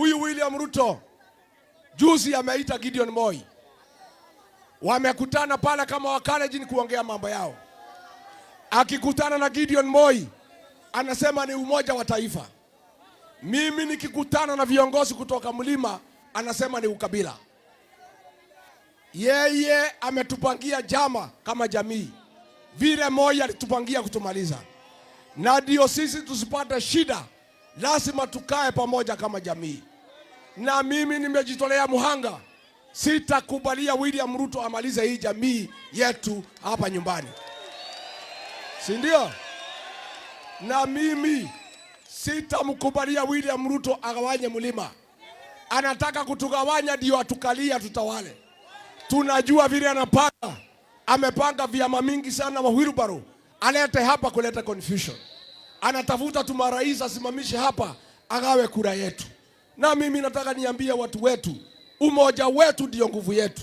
Huyu William Ruto juzi ameita Gideon Moi, wamekutana pale kama Wakalenjin kuongea mambo yao. Akikutana na Gideon Moi anasema ni umoja wa taifa. Mimi nikikutana na viongozi kutoka mlima anasema ni ukabila. Yeye ametupangia jama kama jamii, vile Moi alitupangia kutumaliza, na ndio sisi tusipate shida, lazima tukae pamoja kama jamii na mimi nimejitolea muhanga, sitakubalia William Ruto amalize hii jamii yetu hapa nyumbani, si ndio? Na mimi sitamkubalia William Ruto agawanye mlima. Anataka kutugawanya ndio atukalia tutawale. Tunajua vile anapanga, amepanga vyama mingi sana, mahwilbaro alete hapa kuleta confusion. Anatafuta tu marais asimamishe hapa, agawe kura yetu na mimi nataka niambie watu wetu, umoja wetu ndiyo nguvu yetu.